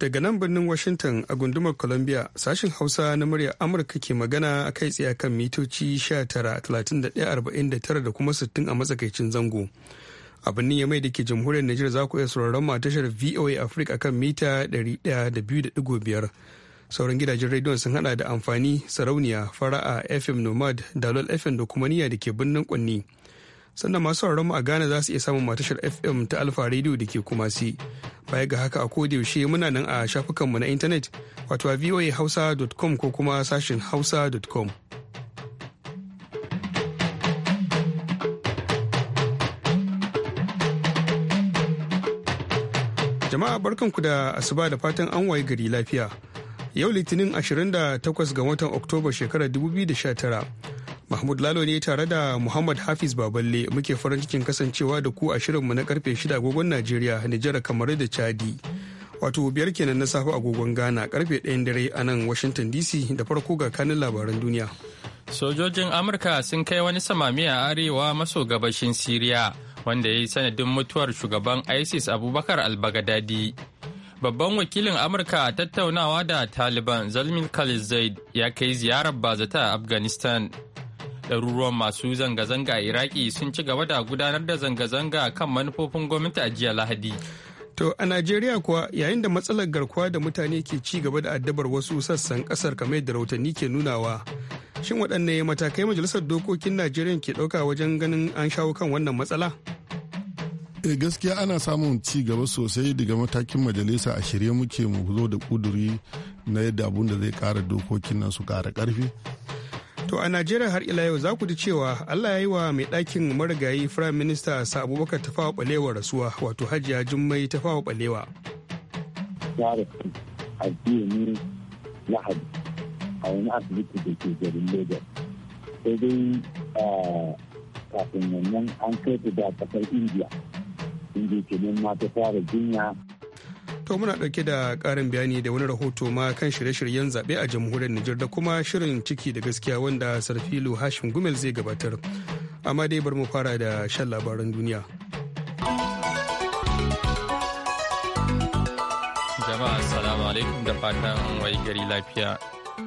Daga nan birnin Washington a gundumar Columbia sashin Hausa na muryar Amurka ke magana a kai tsaye kan mitoci 19,349 da kuma 60 a matsakaicin zango. A birnin mai da ke jamhuriyar Nijar za ku iya sauraron mu a tashar VOA Africa kan mita 102.5. Sauran gidajen rediyon sun hada da amfani, sarauniya, fara'a, FM Nomad, Dalol FM da kuma niya da ke birnin Kwanni. sannan masu mu a Ghana za su iya samun matashar FM ta Alfa Radio da ke kuma si. Baya ga haka a yaushe muna nan a shafukanmu na intanet wato a voahausa.com ko kuma sashin hausa.com. Jama'a barkanku da asuba da fatan an waye gari lafiya. Yau Litinin 28 ga watan Oktoba shekarar 2019. Mahmud Lalo ne tare da Muhammad Hafiz Baballe muke farin cikin kasancewa da ku a shirinmu na karfe 6 agogon Najeriya, Nijar, kamar da Chadi. Wato biyar kenan na safe agogon Ghana karfe 1 dare a nan Washington DC da farko ga kanin labaran duniya. Sojojin Amurka sun kai wani samami a arewa maso gabashin Siriya wanda ya yi sanadin mutuwar shugaban ISIS Abubakar al-Baghdadi. Babban wakilin Amurka a tattaunawa da Taliban Zalmin Khalid Zaid ya kai ziyarar bazata a Afghanistan. ɗaruruwan masu zanga-zanga a iraki sun ci gaba da gudanar da zanga-zanga kan manufofin gwamnati a jiya lahadi To a Najeriya kuwa yayin da matsalar garkuwa da mutane ke ci gaba da addabar wasu sassan kasar kamar yadda rahotanni ke nunawa. Shin waɗanne matakai majalisar dokokin Najeriya ke ɗauka wajen ganin an shawo kan wannan matsala? E gaskiya ana samun ci gaba sosai daga matakin majalisa a shirye muke mu zo da kuduri na yadda abun da zai kara dokokin nan su ƙara ƙarfi. To a Najeriya har ila yau za ku ji cewa Allah ya yi wa mai ɗakin marigayi Firayim Minista sa Abubakar tafawa ɓalewa rasuwa wato Hajiya Jummai tafawa ɓalewa. lahadi a wani asibiti da ke garin Lagos. Sai dai kafin wannan an kai ta da kasar India. Inda ke nan mata fara jinya to muna ɗauke da ƙarin bayani da wani rahoto ma kan shirye-shiryen zaɓe a jamhuriyar Nijar da kuma shirin ciki da gaskiya wanda Sarfilu Hashim Gumel zai gabatar. Amma dai bar mu fara da shan labaran duniya. Jama'a assalamu alaikum da fatan an wayi gari lafiya.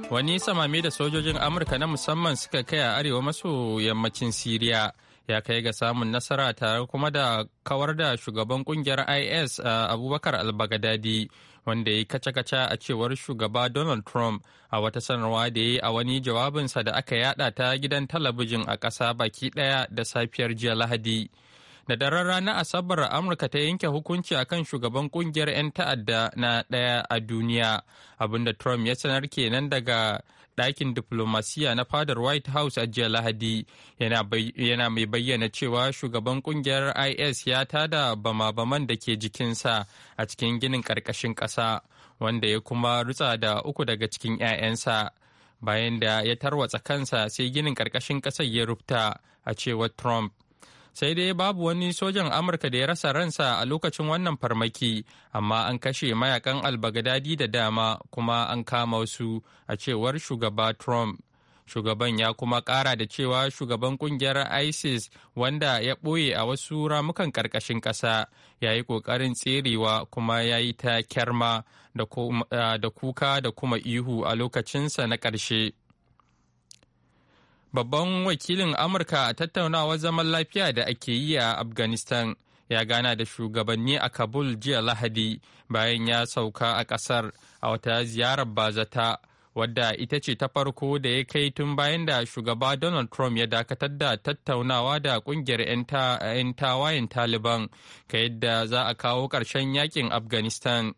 Wani samame da sojojin Amurka na musamman suka kai a arewa maso yammacin Siriya. ya kai ga samun nasara tare kuma da kawar da shugaban kungiyar is a uh, abubakar albagadadi wanda ya yi kaca-kaca a cewar shugaba donald trump a wata sanarwa da ya yi a wani jawabinsa da aka yada ta gidan talabijin a ƙasa baki ɗaya da safiyar jiya lahadi da daren ranar asabar amurka ta yanke hukunci akan shugaban kungiyar 'yan ta'adda na ɗaya a duniya abinda trump ya sanar kenan daga ɗakin diplomasiya na fadar white house a jiya lahadi yana mai bayyana cewa shugaban kungiyar is ya tada bama-baman da ke jikinsa a cikin ginin ƙarƙashin ƙasa wanda ya kuma rutsa da uku daga cikin 'ya'yansa bayan da ya tarwatsa kansa sai ginin ƙarƙashin ƙasar ya rufta a cewar trump sai dai babu wani sojan amurka da ya rasa ransa a lokacin wannan farmaki amma an kashe mayakan albagadadi da dama kuma an kama wasu a cewar shugaba trump shugaban ya kuma kara da cewa shugaban kungiyar isis wanda ya ɓoye a wasu ramukan ƙarƙashin ƙasa ya yi ƙoƙarin tserewa kuma ya yi ta kyarma da kuka da kuma ihu a lokacinsa na ƙarshe Babban wakilin Amurka a tattaunawar zaman lafiya da ake yi a Afghanistan ya gana da shugabanni a Kabul jiya Lahadi bayan ya sauka a kasar a wata ziyarar bazata wadda ita ce ta farko da ya kai tun bayan da shugaba Donald Trump ya dakatar da tattaunawa da kungiyar 'yan tawayen Taliban ka yadda za a kawo ƙarshen yakin Afghanistan.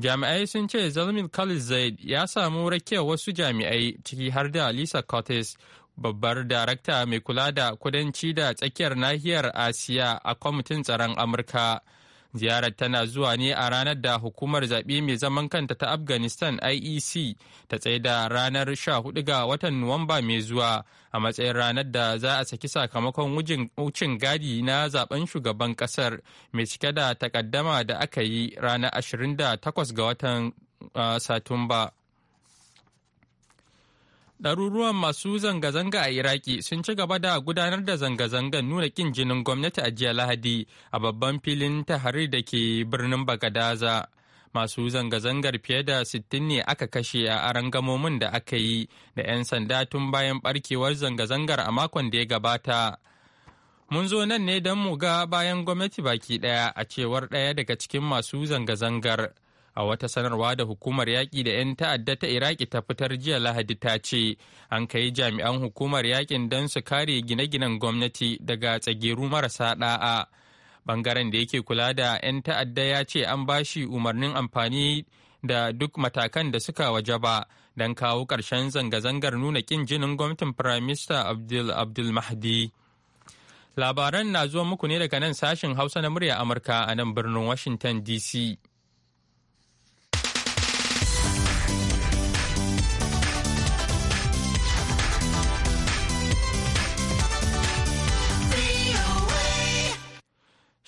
jami'ai sun ce zalmin khalid zaid ya samu rake wasu jami'ai ciki har da lisa cortes babbar darakta mai kula da kudanci da tsakiyar nahiyar asiya a kwamitin tsaron amurka ziyarar tana zuwa ne a ranar da hukumar zaɓe mai zaman kanta ta afghanistan iec ta tsaye da ranar 14 ga watan nuwamba mai zuwa a matsayin ranar da za a saki sakamakon wucin gadi na zaben shugaban ƙasar mai cike da takaddama da aka yi ranar 28 ga watan uh, satumba ɗaruruwan masu zanga-zanga a iraki sun ci gaba da gudanar da zanga zangan nuna ƙin jinin gwamnati a jiya lahadi a babban filin hari da ke birnin bagadaza masu zanga-zangar fiye da sittin ne aka kashe a gamomin da aka yi da 'yan sanda tun bayan barkewar zanga-zangar a makon da ya gabata mun zo nan ne don mu ga bayan gwamnati baki ɗaya a cewar ɗaya daga cikin masu zanga-zangar. a wata sanarwa da hukumar yaƙi da 'yan ta'adda ta iraki ta fitar jiya lahadi ta ce an kai jami'an hukumar yaƙin don su kare gine-ginen gwamnati daga tsageru marasa ɗa'a bangaren da yake kula da 'yan ta'adda ya ce an shi umarnin amfani da duk matakan da suka ba don kawo ƙarshen zanga-zangar nuna ƙin jinin gwamnatin firaminista abdul abdul mahdi labaran na zuwa muku ne daga nan sashen hausa na murya amurka a nan birnin washington dc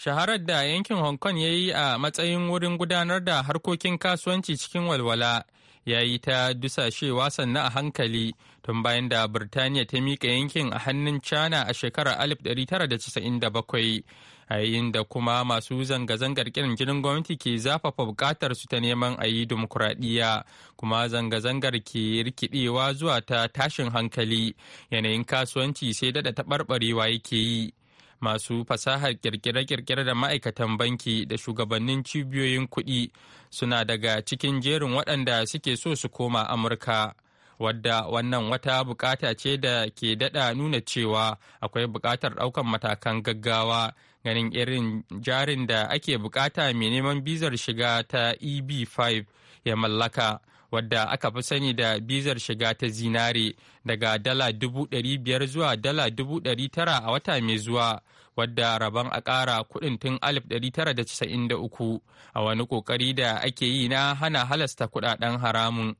Shaharar da yankin Hong Kong ya yi a matsayin wurin gudanar da harkokin kasuwanci cikin walwala ya yi ta dusashewa sannan a hankali tun bayan da Birtaniya ta miƙa yankin a hannun China a shekarar 1997 a yayin da kuma masu zanga-zangar kirin jinin gwamnati ke zafafa buƙatar su ta neman a yi dimokuraɗiyya kuma zanga-zangar ke rikidewa zuwa ta tashin hankali yanayin kasuwanci sai daɗa taɓarɓarewa yake yi. masu fasahar kirkire-kirkire da ma'aikatan banki da shugabannin cibiyoyin kuɗi suna daga cikin jerin waɗanda suke so su koma amurka wadda wannan wata bukata ce da ke daɗa nuna cewa akwai buƙatar ɗaukan matakan gaggawa ganin irin jarin da ake bukata mai neman bizar shiga ta eb5 ya mallaka wadda aka fi sani da bizar shiga ta zinare daga dala dubu ɗari biyar zuwa dala dubu ɗari tara a wata mai zuwa wadda rabon a ƙara kuɗin tun alif ɗari tara da casa'in da uku a wani ƙoƙari da ake yi na hana halasta kuɗaɗen haramun.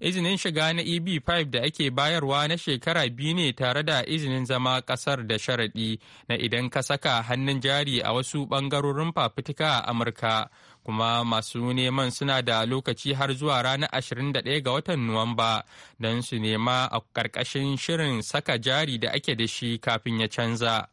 izinin shiga na eb5 da ake bayarwa na shekara biyu ne tare da izinin zama ƙasar da sharaɗi na idan ka saka hannun jari a wasu ɓangarorin fafitika a amurka kuma masu neman suna da lokaci har zuwa ranar 21 ga watan Nuwamba don su nema a ƙarƙashin shirin saka jari da ake da shi kafin ya canza.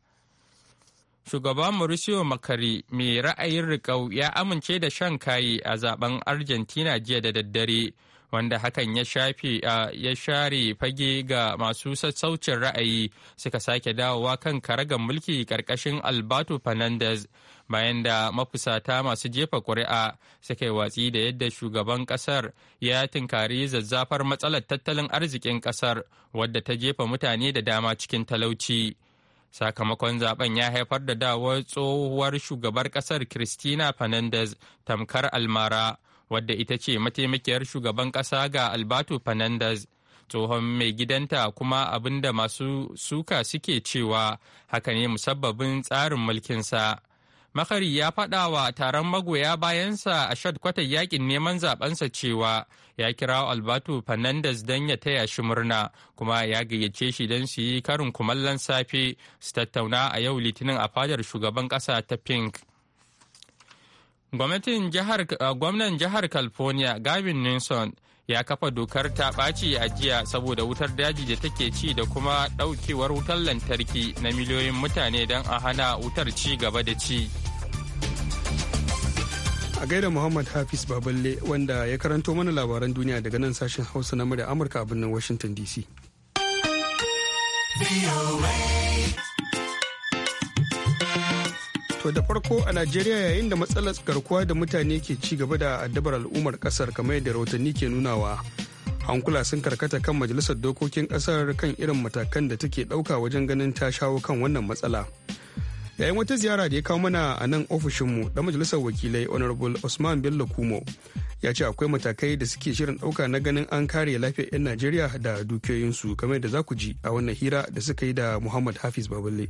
Shugaba Mauricio makari mai ra'ayin riƙau ya amince da shan kayi a zaben Argentina jiya da daddare. wanda hakan ya shafe ya share fage ga masu sassaucin ra'ayi suka sake dawowa kan karagar mulki ƙarƙashin alberto fernandez bayan da mafusata masu jefa ƙuri'a suka yi watsi da yadda shugaban ƙasar ya tinkari zazzafar matsalar tattalin arzikin ƙasar wadda ta jefa mutane da dama cikin talauci. Sakamakon zaben ya haifar da dawar tsohuwar shugabar ƙasar Christina Fernandez tamkar almara wadda ita ce mataimakiyar shugaban ƙasa ga Alberto Fernandez. tsohon mai gidanta kuma abinda masu suka suke cewa haka ne musabbabin tsarin mulkinsa Makari ya faɗa wa taron magoya bayansa a shadkwatar yakin neman zabensa cewa ya kira Alberto Fernandez don ya taya shi murna kuma ya gayyace shi don su yi karin kumallon safe su tattauna a yau litinin a fadar shugaban ƙasa ta Pink. gwamnan jihar California Gavin Newsom ya kafa dokar ta ɓaci a jiya saboda wutar daji da take ci da kuma ɗaukewar wutar lantarki na miliyoyin mutane don a hana wutar ci gaba da ci. a gaida Muhammad Hafiz Baballe wanda ya karanto mana labaran duniya daga nan sashen Hausa na murya Amurka a birnin Washington DC. To da farko a Najeriya yayin da matsalar garkuwa da mutane ke ci gaba da addabar al'ummar kasar kamar yadda rahotanni ke nunawa. Hankula sun karkata kan majalisar dokokin kasar kan irin matakan da take dauka wajen ganin ta shawo kan wannan matsala. yayin wata ziyara da ya kawo mana a nan ofishinmu da majalisar wakilai honorable usman bello kumo ya ce akwai matakai da suke shirin ɗauka na ganin an kare lafiyar 'yan najeriya da dukiyoyinsu kamar da za ku ji a wannan hira da suka yi da muhammad hafiz baballe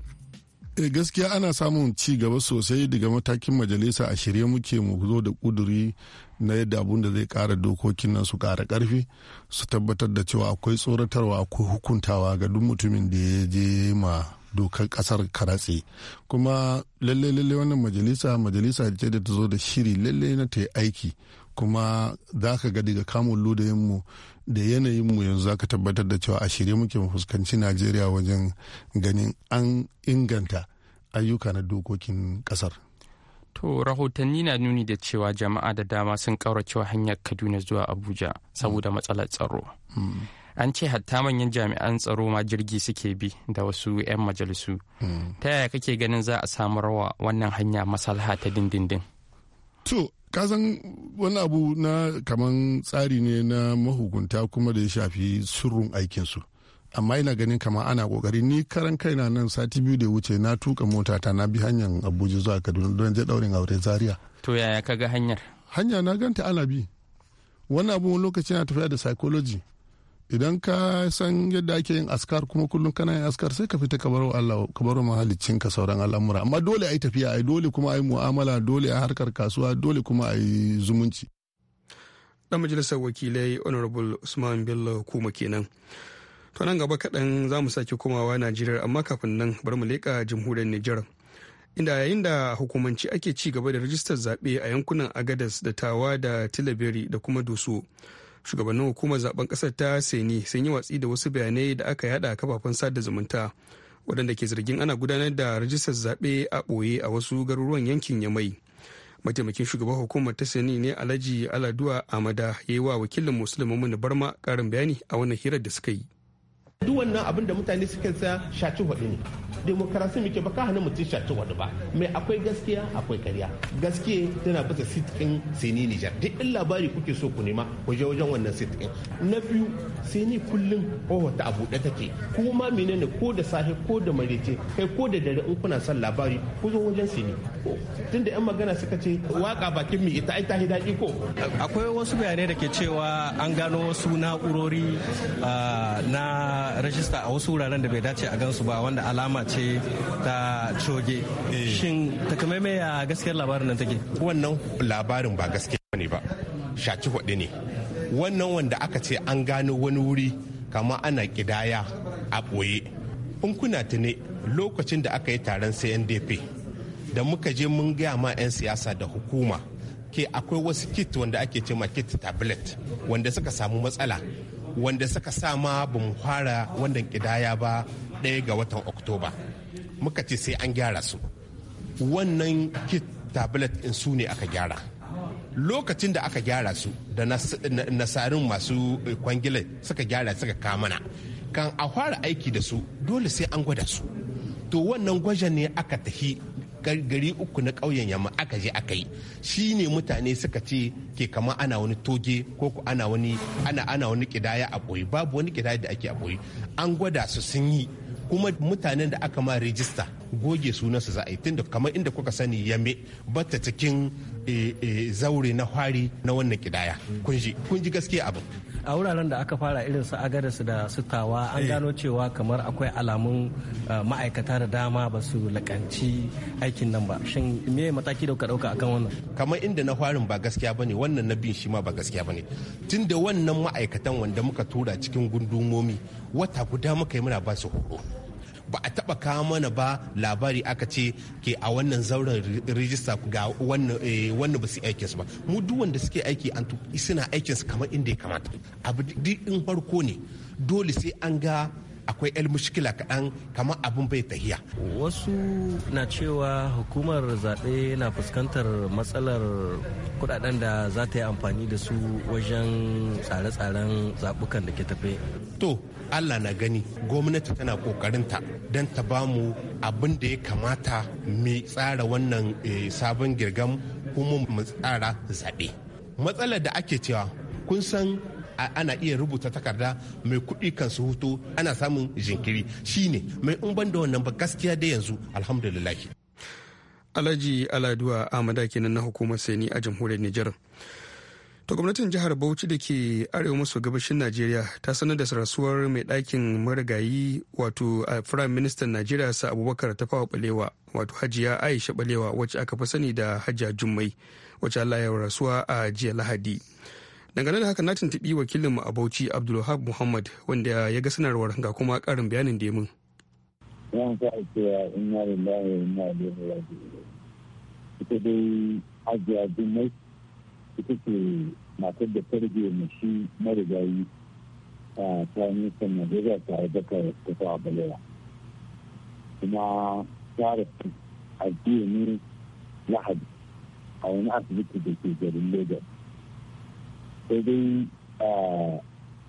eh, gaskiya ana samun ci gaba sosai daga matakin majalisa a shirye muke mu zo da kuduri na yadda abun da zai kara dokokin nan su kara karfi su tabbatar da cewa akwai tsoratarwa akwai hukuntawa ga duk mutumin da ya je ma dokar kasar karatse kuma lalle lalle wannan majalisa majalisa ce da ta zo da shiri lalle na ta yi aiki kuma za ka ga daga kamun ludayinmu da yanayinmu yanzu za ka tabbatar da cewa a shirye muke mu fuskanci najeriya wajen ganin an inganta ayyuka na dokokin kasar To rahotanni na nuni da cewa jama'a da dama sun kauracewa hanyar Kaduna zuwa Abuja saboda matsalar tsaro. Hmm. an ce hatta manyan jami'an tsaro ma jirgi suke bi da wasu 'yan majalisu ta yaya kake ganin za a wa wannan hanya masalha ta dindindin to kasan wani abu na kaman tsari ne na mahugunta kuma da ya shafi surrun aikinsu amma ina ganin kama ana kokari ni karan kaina nan sati biyu da wuce na tuka mota ta na bi hanyar abuja zuwa kaduna don je daurin aure zaria to yaya kaga hanyar hanya na ganta ana bi wani abu lokaci na tafiya da psychology idan ka san yadda ake yin askar kuma kullum kana yin askar sai ka fita ka baro Allah ka baro ka sauran al'amura amma dole yi tafiya a dole kuma yi mu'amala dole a harkar kasuwa dole kuma yi zumunci dan majalisar wakilai honorable Usman Bello kuma kenan to nan gaba kaɗan za mu sake komawa Najeriya amma kafin nan bari mu leƙa jamhuriyar Nijar inda yayin da hukumanci ake ci gaba da rajistar zaɓe a yankunan Agadas da Tawa da Tilaberi da kuma Doso shugabannin hukumar zaben kasar ta seni sun yi watsi da wasu bayanai da aka yada a kafafen sada zumunta waɗanda ke zargin ana gudanar da rajistar zaɓe a ɓoye a wasu garuruwan yankin yamai mataimakin shugaban hukumar ta seni ne alhaji aladuwa amada ya yi wa wakilin musulmin barma karin bayani a wannan hirar da suka yi duk wannan abin da mutane suke sa shaci hudu ne demokarasi muke baka hana mutum shaci hudu ba mai akwai gaskiya akwai karya gaskiya tana bisa sitkin sini nijar duk in labari kuke so ku nema waje wajen wannan sitkin na biyu sini kullum ta a buɗe take kuma menene ko da safe ko da marece kai ko da dare in kuna son labari ku zo wajen sini tunda yan magana suka ce waka bakin mi ita ai ta daɗi ko akwai wasu bayanai da ke cewa an gano wasu na'urori ah, na rajista a wasu wuraren da bai dace a gansu ba wanda alama ce ta coge eh. shin takamaimai ya gaskiyar labarin nan take wannan labarin ba gaskiya ne ba shaci hudu ne wannan wanda aka ce an gano wani wuri kama ana kidaya a ɓoye in kuna tuni lokacin da aka yi taron cndp da muka je mun gaya ma 'yan siyasa da hukuma ke akwai wasu kit wanda ake ce ma kit tablet wanda suka samu matsala wanda suka sa ma bamu mu fara wannan kidaya ba ɗaya ga watan oktoba muka ce sai an gyara su wannan kit tablet in su ne aka gyara lokacin da aka gyara su da nasarin masu eh, kwangilai suka gyara suka kamana kan a fara aiki da su dole sai an gwada su to wannan gwajen ne aka tafi gari uku na ƙauyen yamma aka je aka yi shi ne mutane suka ce ke kama ana wani toge ko ku ana wani ana ana wani kidaya a boye babu wani kidaya da ake a ɓoye an gwada su sun yi kuma mutanen da aka ma rijista goge sunansu za a yi tunda kamar inda kuka sani yame bata cikin eh, eh, zaure na hwari na wannan kidaya kunji kunji gaskiya abin a wuraren da aka fara irin su agadas da sutawa an eh. gano cewa kamar akwai alamun eh, ma'aikata da dama ba su lakanci aikin nan ba shin me mataki da dauka akan wannan kamar inda na farin ba gaskiya bane wannan na bin shi ma ba gaskiya bane tunda wannan ma'aikatan wanda muka tura cikin gundumomi wata guda muka yi muna ba su horo ba a taba kawo mana ba labari aka ce ke a wannan zauren rijista ga eh, wannan ba su aikin ba mu duk wanda suke aiki an suna aikin kamar inda ya kamata abu duk in farko ne dole sai an ga akwai el mushkila kaɗan kamar abin bai tahiya. Wasu na cewa hukumar zaɓe na fuskantar matsalar kuɗaɗen da za ta yi amfani da su wajen tsare-tsaren zaɓukan da ke tafe. To, Allah na gani gwamnati tana ƙoƙarinta don ta ba mu abin da ya kamata mu tsara wannan eh, sabon girgam kuma mu tsara zaɓe. Matsalar da ake cewa kun san ana iya rubuta takarda mai kuɗi kan su hutu ana samun jinkiri shine mai in da wannan ba gaskiya da yanzu alhamdulillah alhaji aladuwa amada kenan na hukumar sani a jamhuriyar nijar to gwamnatin jihar bauchi da ke arewa maso gabashin najeriya ta sanar da rasuwar mai ɗakin marigayi wato a firayim ministan najeriya sa abubakar ta fawa balewa wato hajiya aisha balewa wacce aka fi sani da hajiya jummai wacce allah ya rasuwa a jiya lahadi dangane da haka na tuntuɓi wakilin mu a bauchi abdulwahab muhammad wanda ya ga sanarwar ga kuma karin bayanin da ya mun. yan sa cewa yi da lafiya ina da lafiya ita dai ajiya mai ita ce mata da farge mu shi marigayi a tsanin sannan da za ta haifaka ta fa balewa kuma tsara rasu a ne lahadi a wani asibiti da ke garin lagos sai dai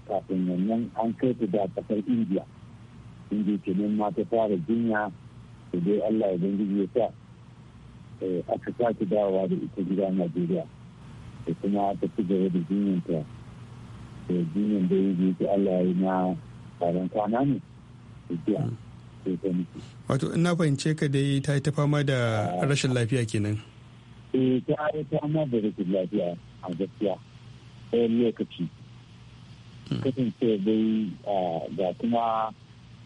kafin wannan an kai su da kasar indiya inda ke nan ma ta fara jinya da dai allah ya zan ya sa eh, aka sake dawowa da ita gida najeriya da kuma ta ci gaba da jinyanta da jinyan da ya ke allah ya yi na tsaron kwana ne hmm. wato ina fahimce ka dai ta yi ta fama da ah. rashin lafiya kenan eh ta yi ta fama da rashin lafiya a gaskiya ɗayan lokaci ce dai ga kuma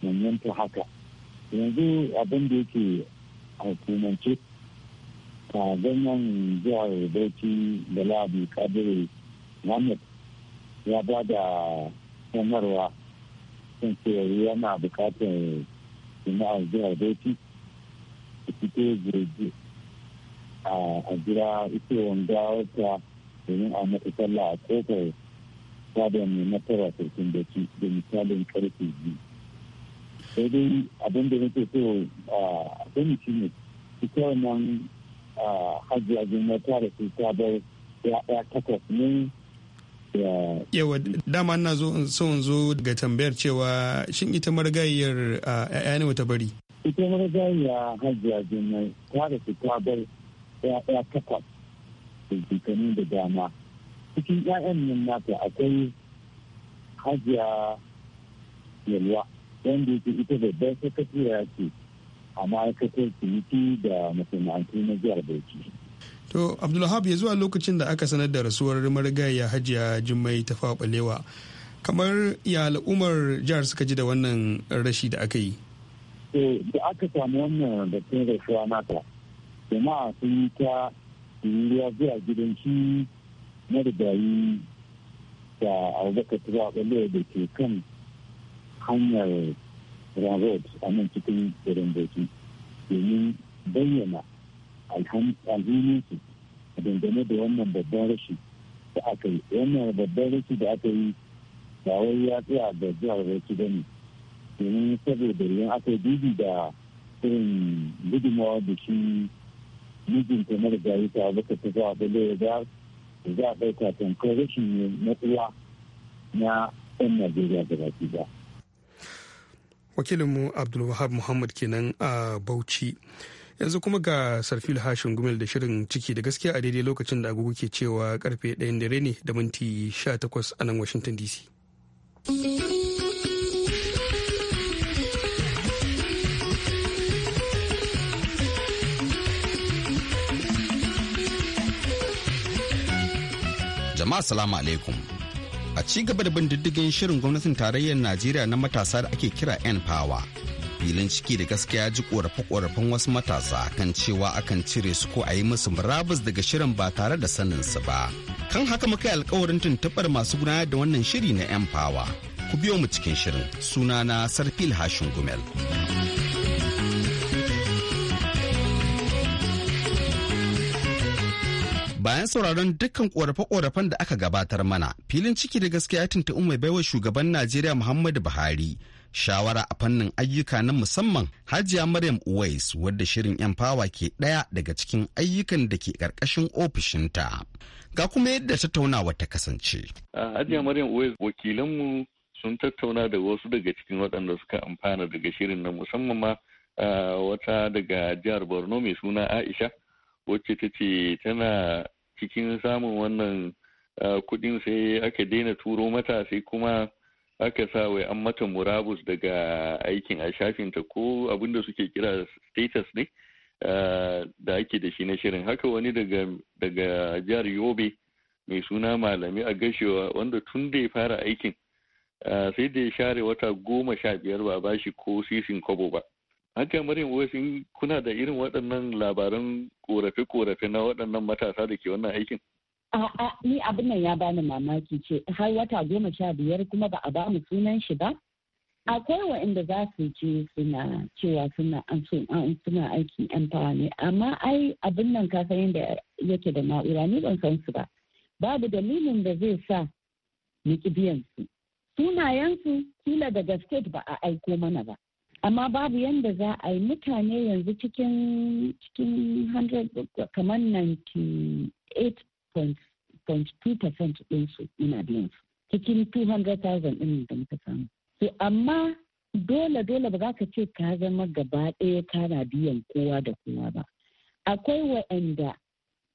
manyanta haka yanzu abin da yake hukumance ta ganyen jihar bauchi da labi kadiri muhammad ya ba da sanarwa kan cewar yana bukatar jama'ar jihar bauchi su fito a jira ita wanda wata domin a mata sallah a kofar sada mai matara sarkin bacci da misalin karfe biyu sai dai abin da nake so a sani shi ne ita wannan hajji a da su ta bar ya takwas ne yawa dama na so in zo ga tambayar cewa shin ita marigayiyar ya'ya ne wata bari ita marigayiyar hajji a da su ta bar ya takwas bincikanu da dama cikin 'ya'yan nan nata akwai hajiya yalwa wanda yake ita babban sakatariya ce a ma'aikatar ciniki da masana'antu na jihar bauchi to abdullahab ya zuwa lokacin da aka sanar da rasuwar marigayya hajiya jummai ta faɓalewa kamar ya al'ummar jihar suka ji da wannan rashi da aka yi da aka samu wannan da rasuwa nata jama'a sun yi ta ruwa zuwa gidan shi na rigayi da abubakar tura ɓallo da ke kan hanyar ramrod a nan cikin irin bauchi domin bayyana a dangane da wannan babban rashi da aka yi wannan babban rashi da aka yi ba wai ya tsaya da jihar bauchi ba ne domin saboda yin aka dubi da irin gudunmawa da shi mijinta na da yi ta baka ta zuwa da lura za a ɗauka tamkar rashin matsuwa na 'yan Najeriya da baki ba. Wakilinmu Abdulwahab Muhammad kenan a Bauchi. Yanzu kuma ga Sarfil Hashin Gumel da shirin ciki da gaskiya a daidai lokacin da agogo ke cewa karfe 1 dare ne da minti 18 a nan Washington DC. jama'a salamu alaikum a ci gaba da bin diddigin shirin gwamnatin tarayyar najeriya na matasa da ake kira n power filin ciki da gaskiya ji korafe-korafen wasu matasa kan cewa akan cire su ko a yi musu murabus daga shirin ba tare da sanin su ba kan haka muka yi alkawarin tuntubar masu gudanar da wannan shiri na yan fawa ku biyo mu cikin shirin sunana sarfil hashin gumel. bayan sauraron dukkan korafe-korafen da aka gabatar mana filin ciki da gaskiya ya tuntuɓi mai baiwa shugaban najeriya muhammadu buhari shawara a fannin ayyuka na musamman hajiya maryam uwais wadda shirin yan fawa ke daya daga cikin ayyukan da ke karkashin ofishinta ga kuma yadda tattaunawa ta kasance hajiya maryam uwais wakilanmu sun tattauna da wasu daga cikin waɗanda suka amfana daga shirin na musamman ma wata daga jihar borno mai suna aisha wacce ta ce tana cikin samun wannan eh, kuɗin, sai aka daina turo mata sai kuma aka sa wai an mata murabus daga aikin a shafinta ko abinda suke kira status ne eh, da ake da shi na shirin haka wani daga jihar yobe mai suna malami a gashewa wanda tun da ya fara aikin eh, sai da ya share wata goma sha biyar ba bashi ko sisin kobo ba haka maryam wofin? kuna da irin waɗannan labaran korafe-korafe na waɗannan matasa da ke wannan aikin A'a ni abin nan ya bani mamaki ce har wata goma sha biyar kuma ba a ba mu sunan shi ba akwai waɗanda za su je suna cewa suna an suna aikin yan fawa ne amma ai abin nan ka san yadda yake da na'ura ni ban san su ba babu dalilin da zai sa ni ki biyan su sunayen su kila daga state ba a aiko mana ba amma babu yadda za a yi mutane yanzu cikin cikin 100 kamar 98.2% su ina su cikin 200,000 ɗin da muka samu so amma dole dole ba za ka ce ka zama gaba ɗaya kana biyan kowa da kowa ba akwai wa'anda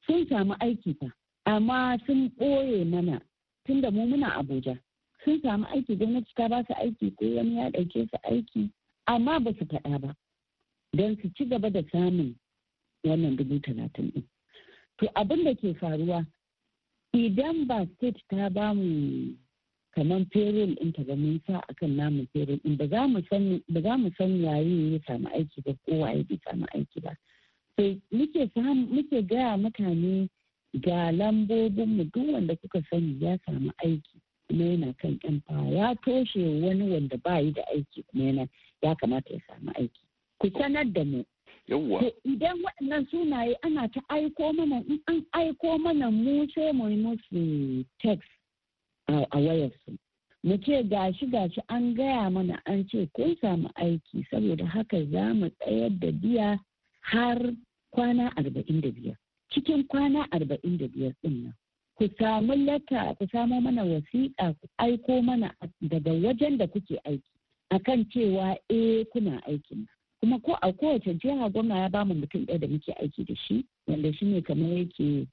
sun samu aiki fa amma sun ɓoye mana tunda mu muna abuja sun samu aiki gwamnati ta ba su aiki ko wani ya ɗauke su aiki amma ba su faɗa ba don su ci gaba da samun wannan dubu talatin ɗin to abin da ke faruwa idan ba state ta ba mu kamar payroll ɗin ta mun sa akan namun payroll ɗin ba za mu san yayi ya samu aiki ba ko waye bai samu aiki ba sai muke gaya mutane ga lambobinmu duk wanda kuka sani ya samu aiki kuma yana kan yan ya toshe wani wanda ba yi da aiki kuma yana ya kamata ya samu aiki ku sanar da mu idan waɗannan sunaye ana ta aiko mana in an aiko mana mu ce mu yi musu text a wayarsu mu ce gashi gashi an gaya mana an ce kun samu aiki saboda haka za mu tsayar da biya har kwana arba'in da biyar cikin kwana arba'in da biyar ɗin nan ku samu lata ku samu mana wasiƙa ku aiko mana daga wajen da kuke aiki akan cewa eh kuna aikin kuma ko a kowace jiha gwamna ya bamu mutum ɗaya da muke aiki da shi wanda shi ne kamar yake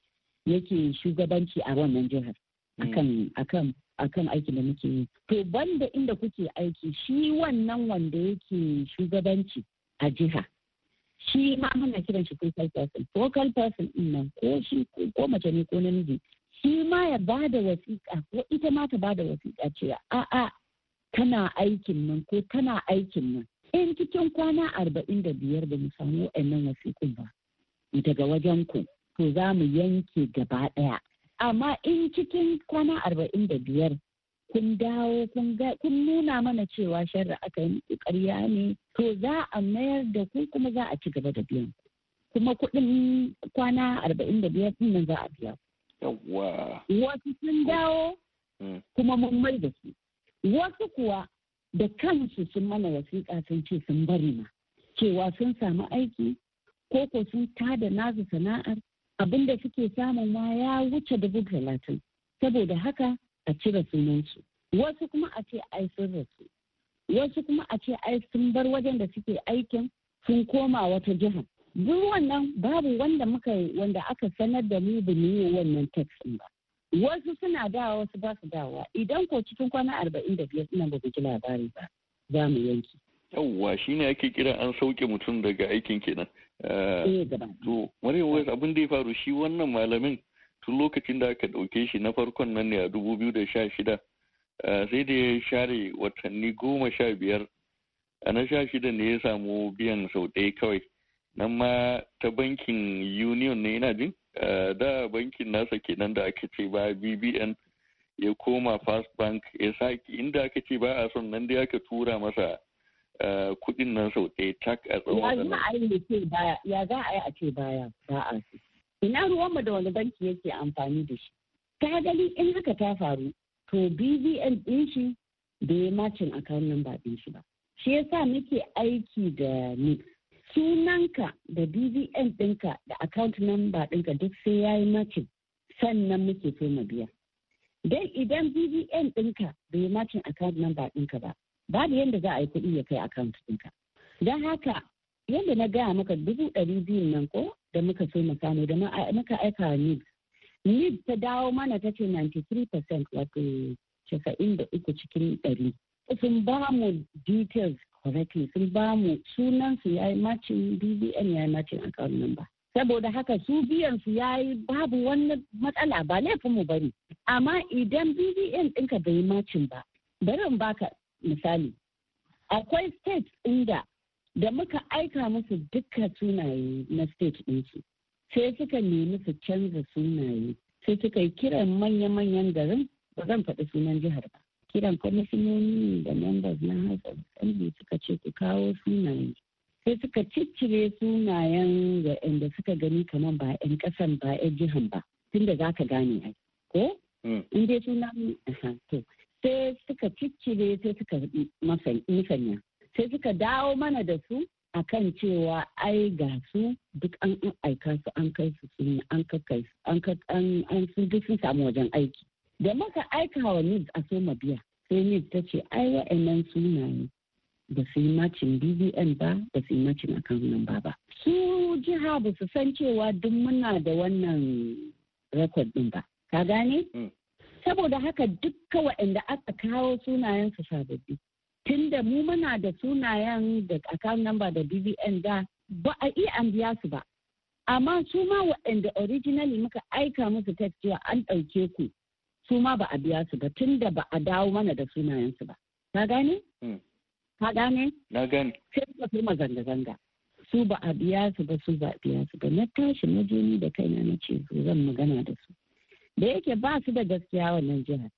yake shugabanci a wannan jihar mm. akan akan akan aikin da muke yi to banda inda kuke aiki shi wannan wanda yake shugabanci a jiha shi ma muna kiran shi focal person focal person din nan ko shi ko mace ne ko namiji shi ma ya bada wasiƙa ko ita ma ta bada wasiƙa cewa a'a kana aikin nan ko kana aikin nan in cikin kwana arba'in da biyar ba mu samu wa'annan wasiƙun ba daga wajen ku to za mu yanke gaba ɗaya amma in cikin kwana arba'in da biyar kun dawo kun nuna mana cewa sharri aka yi ƙarya ne to za a mayar da ku kuma za a ci gaba da biyan kuma kuɗin kwana arba'in da biyar nan za a biya. Wasu sun dawo hmm. kuma mun mai da su. wasu kuwa da kansu sun mana wasiƙa sun ce sun bari ma cewa sun samu aiki ko ko sun tada nasu sana'ar abinda suke samun ma ya wuce dubu talatin saboda haka a cire sunansu wasu kuma a ce ai sun rasu wasu kuma a ce ai sun bar wajen da suke aikin sun koma wata jiha duk wannan babu wanda muka wanda aka sanar da mu ba wannan tax ba wasu suna dawa wasu ba su dawa idan ko cikin kwana arba'in da biyar suna ba ji labari ba za mu yanki yawwa shine ake kira an sauke mutum daga aikin kenan eh, eh, to maryam wai abin da ya faru shi wannan malamin tun lokacin da aka dauke shi na farkon nan ne a dubu biyu da sha shida eh, sai da ya share watanni goma sha biyar a na sha shida ne ya samu biyan sau ɗaya kawai nan ma ta bankin union ne yana jin Eh, da bankin nasa kenan da aka ce ba bbn ya koma fast bank ya sake inda aka ce ba a son nan da aka tura masa eh, kudin nan sau ɗaya tak a tsawon wani ya za a yi a ce baya ba a ina ruwan mu da wani banki yake amfani da shi ta gani in haka ta faru to bbn ɗin shi da ya macin account number din shi ba shi yasa muke aiki da nix sunanka da BVN ɗinka da account number ɗinka duk sai ya yi macin sannan muke so mu biya. Dan idan BVN ɗinka bai yi macin account number ɗinka ba, babu yadda za a yi kuɗi ya kai account ɗinka. Don haka yadda na gaya maka dubu ɗari biyun nan ko da muka so mu samu da muka aika wa NIB. NIB ta dawo mana ta ce 93% wato casa'in da uku cikin ɗari. Sun ba mu details correctly sun ba mu sunan su yayi matching BBN yayi matching account number saboda haka su biyan su yayi babu wani matsala ba laifin mu bane amma idan BBN ɗinka bai matching ba bari in baka misali akwai state inda da muka aika musu dukkan sunaye na state ɗinsu sai suka nemi su canza sunaye sai suka yi kiran manya-manyan garin ba zan faɗi sunan jihar ba kiran kwamishinoni da members na house of assembly suka ce ku kawo sunaye sai suka ciccire sunayen waɗanda suka gani kamar ba 'yan ƙasan ba 'yan jihan ba tun da za ka gane a ko mm. in dai sunan to sai suka ciccire sai suka musanya sai suka dawo mana da su a kan cewa ai ga su duk an aika su an kai su sun an kai su an sun samu wajen aiki da muka aika wa news a soma biya sai news ta ce ai wa'annan sunaye ba su yi macin bbn ba ba su yi macin akan nan ba su jiha ba su san cewa duk muna da wannan rekod din ba ka gane mm. saboda haka dukka waɗanda aka kawo sunayen su sababbi tunda mu muna da sunayen da account number da bbn da ba a iya an biya su ba amma su ma waɗanda originally muka aika musu ta cewa an ɗauke ku su ma ba a biya su ba tun da ba a dawo mana da sunayensu ba ka gane hmm. ka gane na gane sai suka kuma zanga-zanga su ba a biya su ba su ba a biya su ba na tashi na je ni da kaina na ce su zan magana da su da yake ba su da gaskiya wannan jihar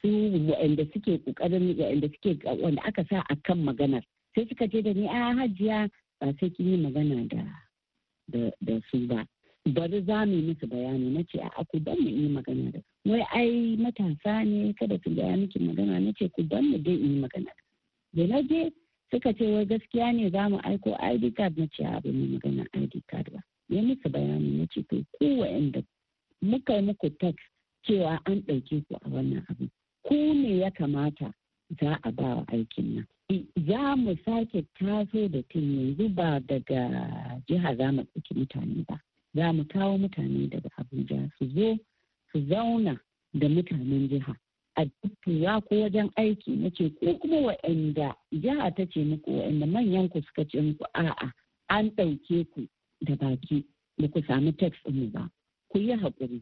su waɗanda suke ƙoƙarin waɗanda suke wanda aka sa a kan maganar sai suka je da ni a ah, hajiya ba sai kin yi magana da su ba bari za mu yi musu bayani na ce a ku ban mu yi magana da wai ai matasa ne kada su gaya miki magana na ce ku ban mu dai yi magana da na je suka ce wai gaskiya ne za mu aiko id card na ce a abin mu magana id card ba ya musu bayani na ce to ku wa'anda muka yi muku tax cewa an ɗauke ku a wannan abu ku ne ya kamata za a ba wa aikin nan za mu sake taso da tun yanzu ba daga jiha za mu ɗauki mutane ba za mu kawo mutane daga abuja su zo su zauna da mutanen jiha a ya ko wajen aiki na ce ko kuma wa'anda jiha ta ce muku wa'anda manyan ku suka ce muku a'a an ɗauke ku da baki ba ku sami tax ɗin ba ku yi haƙuri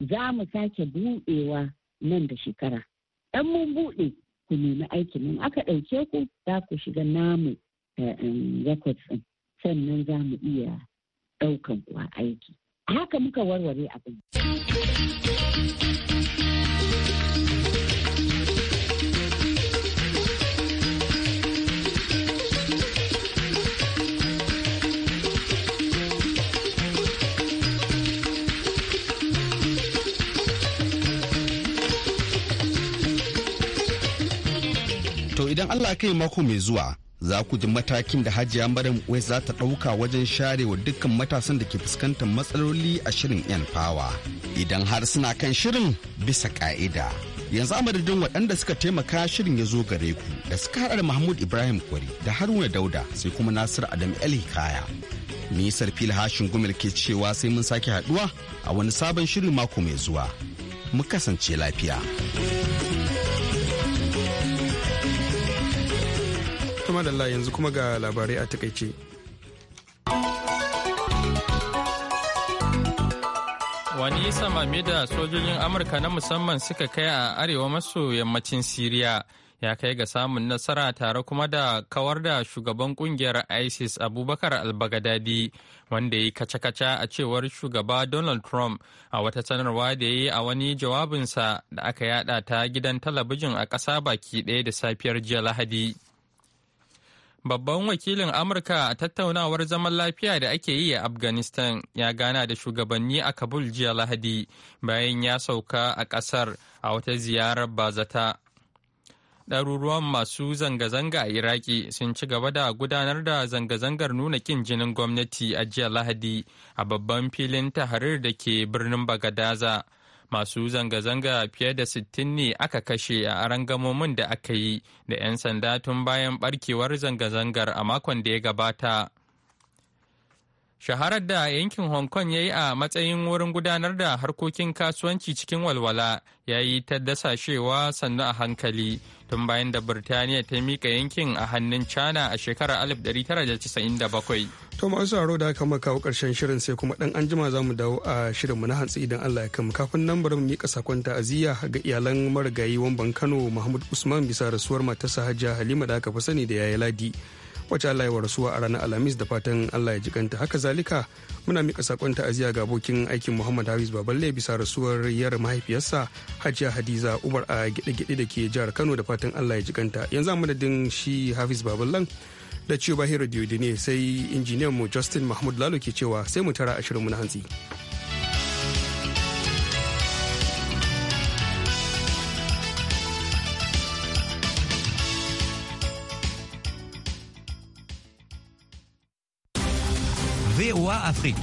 za mu sake buɗewa nan da shekara ɗan mun buɗe ku nemi aiki nan aka ɗauke ku za ku shiga namu eh, eh, records ɗin sannan za mu iya ɗaukan kuwa aiki haka muka warware abin To idan Allah ya kai mako mai zuwa za ku ji matakin da hajiya maryam wai za ta ɗauka wajen share wa dukkan matasan da ke fuskantar matsaloli a shirin yan fawa idan har suna kan shirin bisa ka'ida yanzu amadadin waɗanda suka taimaka shirin ya zo gare ku da suka haɗa da mahmud ibrahim kwari da haruna dauda sai kuma nasir adam el kaya. nisar fili hashin gumel ke cewa sai mun sake haɗuwa a wani sabon shirin mako mai zuwa mu kasance lafiya. yanzu kuma ga labarai a takaice. Wani samame da sojojin Amurka na musamman suka kai a arewa maso yammacin Siriya ya kai ga samun nasara tare kuma da kawar da shugaban kungiyar ISIS Abubakar al-Baghdadi wanda ya yi kaca-kaca a cewar shugaba Donald Trump a wata sanarwa da ya yi a wani jawabinsa da aka yada ta gidan talabijin a ƙasa baki ɗaya da safiyar jiya Lahadi. Babban wakilin Amurka a tattaunawar zaman lafiya da ake yi a Afghanistan ya gana da shugabanni a Kabul jiya Lahadi bayan ya sauka a kasar a wata ziyarar bazata. Ɗaruruwan masu zanga-zanga a Iraki sun ci gaba da gudanar da zanga-zangar nuna kin jinin gwamnati a jiya Lahadi a babban filin taharir da ke birnin Bagadaza. masu zanga-zanga fiye da sittin ne aka kashe a arangamomin da aka yi da 'yan sanda tun bayan barkewar zanga-zangar a makon da ya gabata. Shaharar da yankin Hong Kong ya yi a matsayin wurin gudanar da harkokin kasuwanci cikin walwala ya yi ta dasashewa sannu a hankali tun bayan da Birtaniya ta mika yankin a hannun China a shekarar 1997. To masu haro da aka kawo karshen shirin sai kuma dan anjima za mu dawo a shirin mu na hantsi idan Allah ya kama kafin nan bari mu miƙa sakon ta'aziyya ga iyalan marigayi wamban Kano Mahmud Usman bisa rasuwar matarsa hajja Halima da aka fi sani da yayi Ladi. wacce Allah ya warasuwa a ranar Alhamis da fatan Allah ya ji kanta haka zalika muna mika sakon ta'aziyya ga abokin aikin Muhammad Hafiz Baballe bisa rasuwar yar mahaifiyarsa Hajiya Hadiza Umar a gide-gide da ke jihar Kano da fatan Allah ya ji kanta yanzu madadin shi Hafiz Baballan da ciwo da ne sai injiniyan mu Justin Mahmud Lalo ke cewa sai mu tara a shirin mu na hantsi. VOA Afrique.